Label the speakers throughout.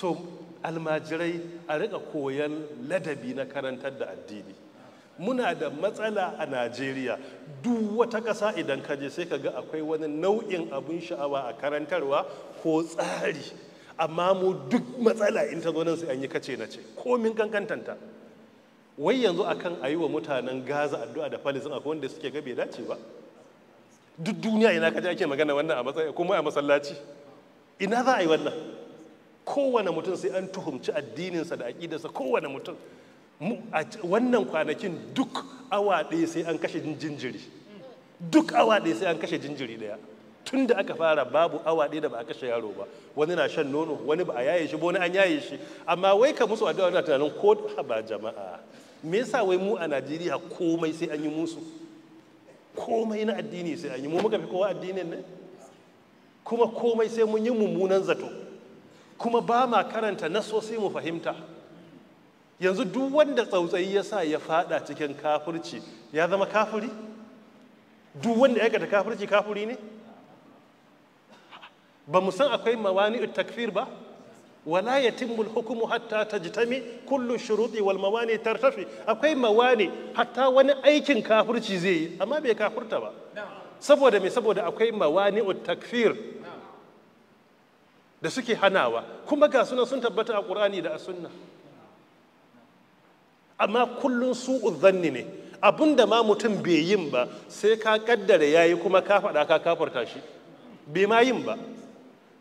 Speaker 1: so almajirai a rika koyan ladabi na karantar da addini muna da matsala a najeriya duk wata ƙasa idan ka je sai ka ga akwai wani nau'in abin sha'awa a karantarwa ko tsari amma mu duk matsala in ta zonin nan an yi kace na ce komin kankantanta wai yanzu akan a yi wa mutanen gaza addu'a da falisin akwai wanda suke gabe dace ba duk duniya ina kaji ake magana wannan a matsayi kuma a masallaci ina za a yi wannan kowane mutum sai an tuhumci addininsa da aƙidarsa kowane mutum a wannan kwanakin duk awa ɗaya sai an kashe jinjiri duk awa ɗaya sai an kashe jinjiri ɗaya tun da aka fara babu awa ɗaya da ba a kashe yaro ba wani na shan nono wani ba a yaye shi ba wani an yaye shi amma wai ka musu addu'a na tunanin ko ba jama'a me yasa wai mu a Najeriya komai sai an yi musu komai na addini sai an yi mu muka fi kowa addinin ne kuma komai sai mun yi mummunan zato kuma ba ma karanta na nasosi mu fahimta yanzu duk wanda tsautsayi ya sa ya fada cikin kafirci ya zama kafiri duk wanda ya gata kafirci kafiri ne ba mu san akwai mawani takfir ba wala yatimmu hukumu hatta tajtami kullu shuruti wal mawani tartafi akwai mawani hatta wani aikin kafirci zai yi amma bai kafirta ba saboda me saboda akwai mawani takfir da suke hanawa kuma ga suna sun tabbata a ƙur'ani da a sunna amma kullum su uzanni ne Abun da ma mutum bai yin ba sai ka kaddara yi kuma ka faɗa ka kafarta shi bai ma yin ba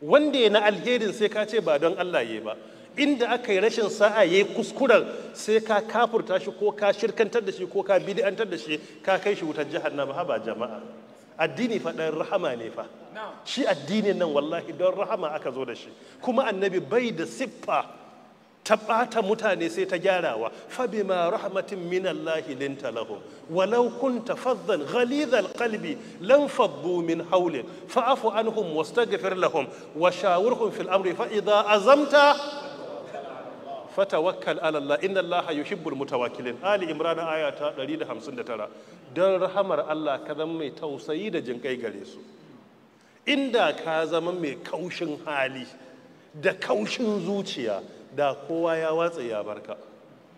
Speaker 1: wanda ya na alherin sai ka ce ba don Allah ya ba inda aka yi rashin sa'a ya yi kuskuren sai ka kafurta shi ko ka shirkantar da shi ko ka bid'antar da shi ka kai shi wutar jihar jahannama ba jama'a addini fa dan rahama ne fa shi addini nan wallahi dan rahama aka zo da shi kuma annabi bai da siffa ta bata mutane sai ta gyarawa fabima rahmatin min Allah linta lahum walau kunta faddan ghalidhal qalbi lan faddu min hawlik fa'fu anhum wastaghfir lahum wa shawirhum fil amri fa idha azamta fatawakkal ala Allah inna Allah yuhibbul mutawakkilin ali imran aya ta 159 dan rahamar Allah ka zama mai tausayi da jinkai gare su inda ka zama mai kaushin hali da kaushin zuciya da kowa ya watsa ya barka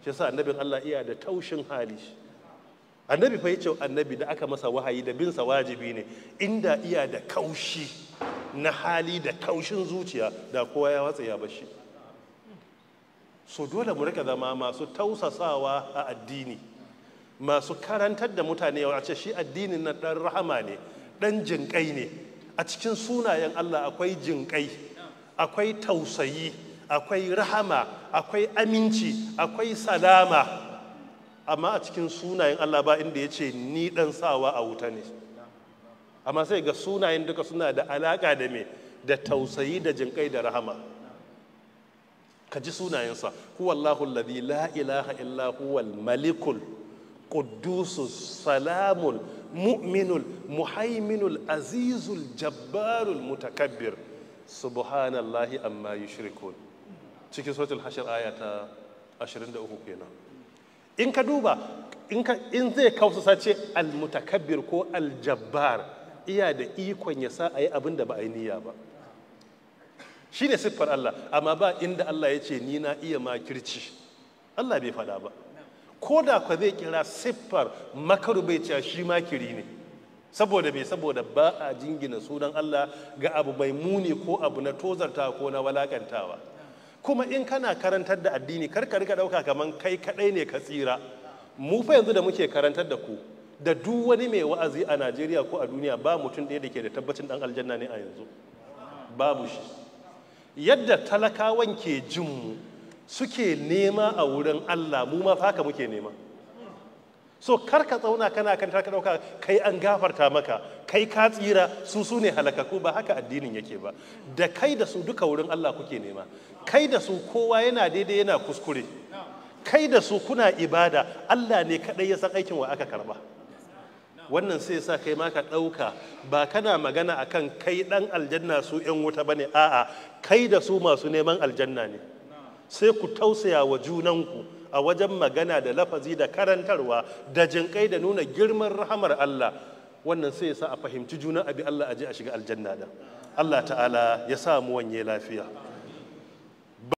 Speaker 1: shi yasa annabin Allah iya da taushin hali annabi fa yace annabi da aka masa wahayi da binsa wajibi ne inda iya da kaushi na hali da kaushin zuciya da kowa ya watsa ya bashi so dole mu rika zama masu tausasawa a addini masu karantar da mutane a ce shi addinin na dan rahama ne dan jinƙai ne a cikin sunayen Allah akwai jinƙai akwai tausayi akwai rahama akwai aminci akwai salama amma a cikin sunayen Allah ba inda ya ce ni dan sawa a wuta ne amma sai ga sunayen duka suna da alaka da me da tausayi da jinƙai da rahama ka ji sunayensa huwallahu alladhi la ilaha illa huwal malikul quddusus salamul mu'minul muhaiminul azizul jabbarul mutakabbir subhanallahi amma yushrikun cikin suratul hashir ayata ta 23 kenan in ka duba in ka in zai kausa ce al mutakabbir ko al jabbar iya da ikon ya sa ayi abin da ba a yi niyya ba shi ne siffar Allah amma ba inda Allah ya ce ni na iya makirci Allah bai faɗa ba ko da ka zai kira siffar makaru bai cewa shi makiri ne saboda bai saboda ba a jingina sunan Allah ga abu mai muni ko abu na tozarta ko na walakantawa kuma in kana karantar da addini kar ka rika dauka kaman kai kadai ne ka tsira mu fa yanzu da muke karantar da ku da duk wani mai wa'azi a Najeriya ko a duniya ba mutum ɗaya da ke da tabbacin dan aljanna ne a yanzu babu shi yadda talakawan ke jinmu suke nema a wurin Allah mu ma haka muke nema so kar ka tsauna kana kan ka dauka kai an gafarta maka kai ka tsira su su ne halakaku ba haka addinin yake ba da kai da su duka wurin Allah kuke nema kai da su kowa yana daidai yana kuskure kai da su kuna ibada Allah ne kadai ya san aikin wa aka karba wannan sai sa kai ma ka ɗauka ba kana magana akan kai ɗan aljanna su 'yan wuta ba ne a'a kai da su masu neman aljanna ne sai ku tausaya wa junanku a wajen magana da lafazi da karantarwa da jinƙai da nuna girman rahamar Allah wannan sai sa a fahimci juna abi Allah aje a shiga aljanna da Allah ta'ala ya samu wanye lafiya